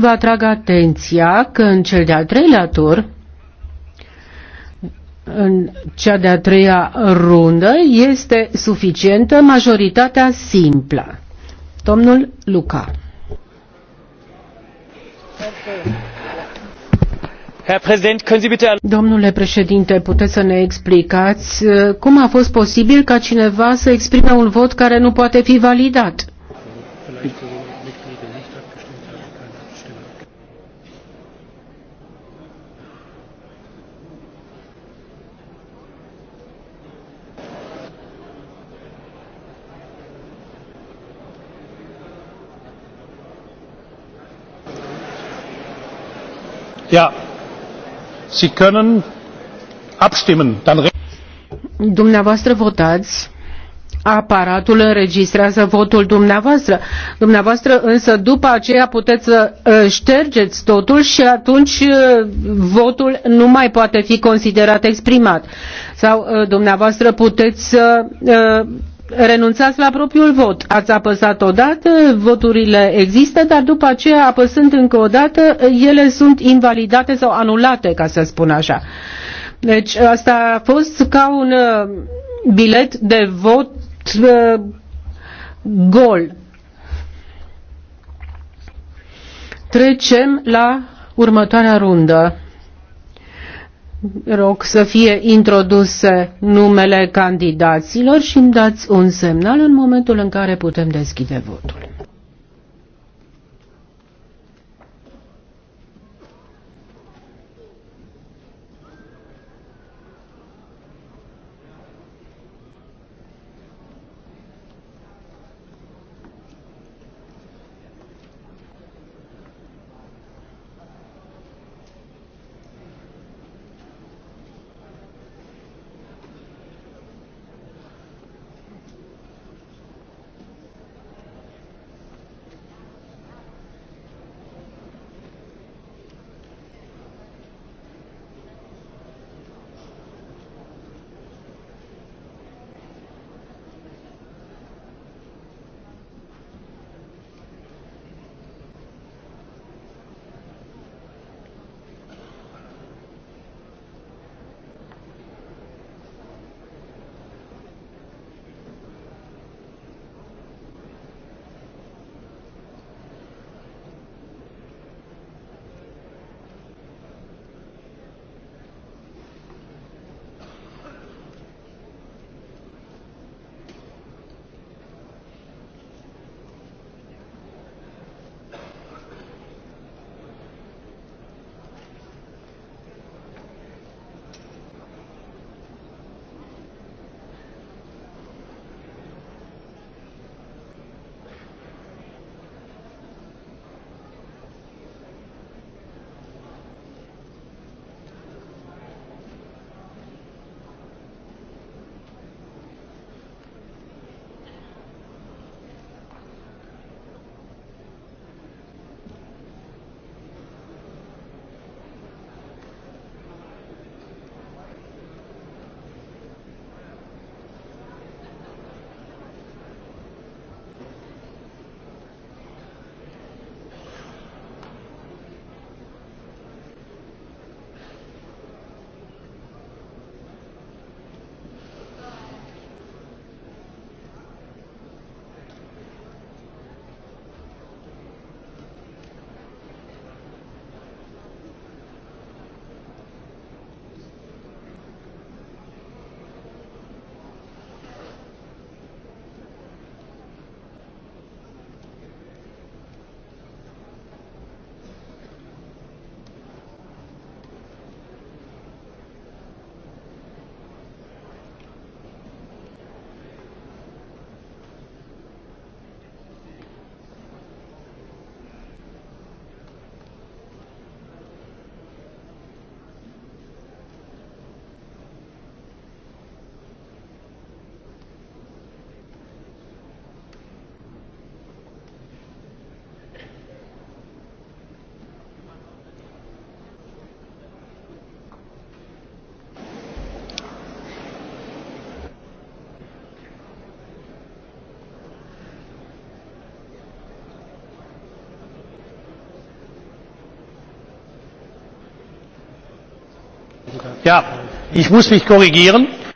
Vă atrag atenția că în cel de-al treilea tur, în cea de-a treia rundă, este suficientă majoritatea simplă. Domnul Luca. Domnule președinte, puteți să ne explicați uh, cum a fost posibil ca cineva să exprime un vot care nu poate fi validat? Ja, Sie können abstimmen, dann Dumneavoastră votați, aparatul înregistrează votul dumneavoastră. Dumneavoastră însă după aceea puteți să ă, ștergeți totul și atunci ă, votul nu mai poate fi considerat exprimat. Sau ă, dumneavoastră puteți să renunțați la propriul vot. Ați apăsat odată, voturile există, dar după aceea apăsând încă o dată, ele sunt invalidate sau anulate, ca să spun așa. Deci asta a fost ca un uh, bilet de vot uh, gol. Trecem la următoarea rundă rog să fie introduse numele candidaților și îmi dați un semnal în momentul în care putem deschide votul.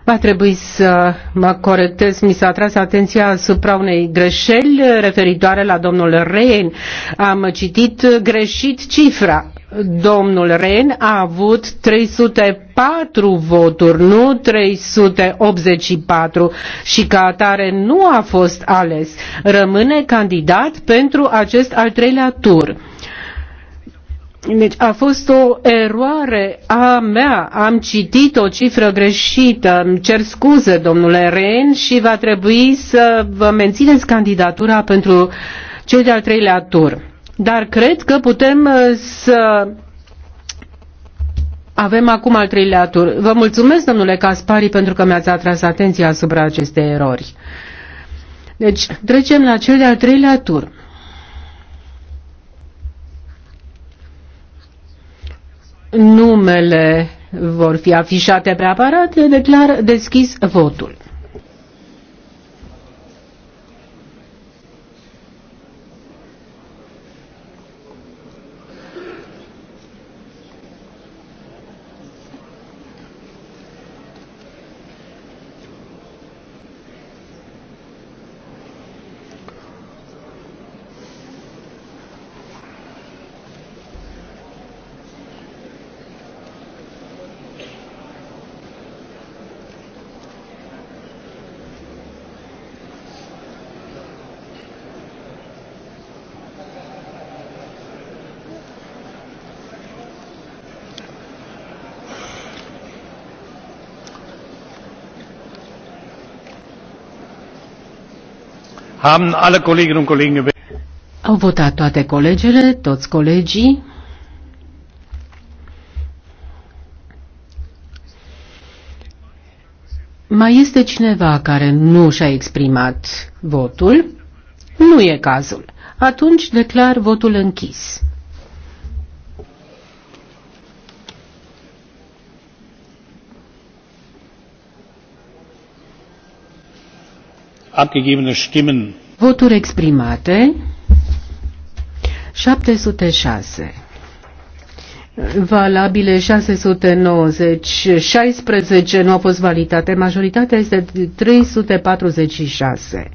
Va trebui să mă corectez, mi s-a atras atenția asupra unei greșeli referitoare la domnul Rehn. Am citit greșit cifra. Domnul Rehn a avut 304 voturi, nu 384 și ca atare nu a fost ales. Rămâne candidat pentru acest al treilea tur deci a fost o eroare a mea, am citit o cifră greșită, îmi cer scuze, domnule Ren, și va trebui să vă mențineți candidatura pentru cel de-al treilea tur. Dar cred că putem uh, să avem acum al treilea tur. Vă mulțumesc, domnule Caspari, pentru că mi-ați atras atenția asupra acestei erori. Deci, trecem la cel de-al treilea tur. numele vor fi afișate pe aparat, declar deschis votul. Au votat toate colegele, toți colegii. Mai este cineva care nu și-a exprimat votul? Nu e cazul. Atunci declar votul închis. abgegebene Stimmen. Voturi exprimate 706 valabile 690, 16 nu au fost validate, majoritatea este 346.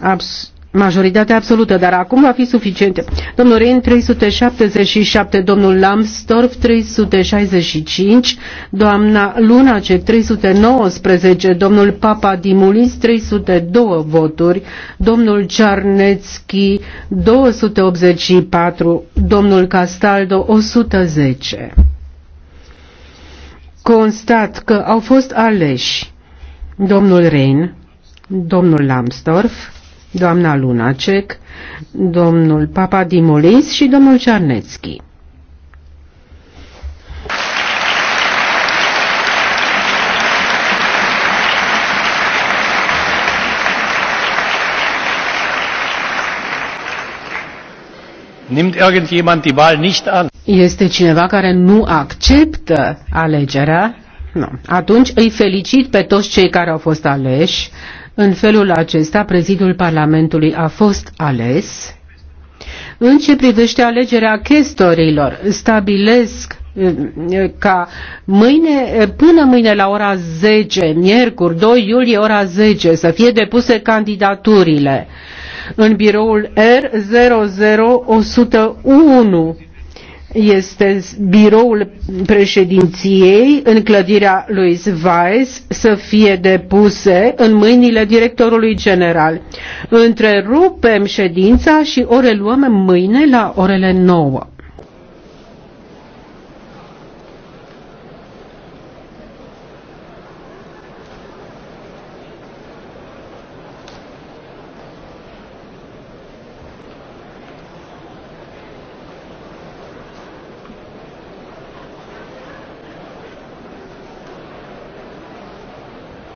Abs majoritate absolută, dar acum va fi suficientă. Domnul Rein 377, domnul Lambsdorff 365, doamna Lunace, 319, domnul Papa Dimulis 302 voturi, domnul Cearnețchi 284, domnul Castaldo 110. Constat că au fost aleși domnul Rein, domnul Lambsdorff, doamna Lunacek, domnul Papa Dimolis și domnul Cernețchi. Nimmt irgendjemand die Wahl nicht an? Este cineva care nu acceptă alegerea? Nu. Atunci îi felicit pe toți cei care au fost aleși în felul acesta, prezidul Parlamentului a fost ales. În ce privește alegerea chestorilor, stabilesc eh, eh, ca mâine, eh, până mâine la ora 10, miercuri, 2 iulie, ora 10, să fie depuse candidaturile în biroul R00101 este biroul președinției în clădirea lui Weiss să fie depuse în mâinile directorului general. Întrerupem ședința și o reluăm mâine la orele 9.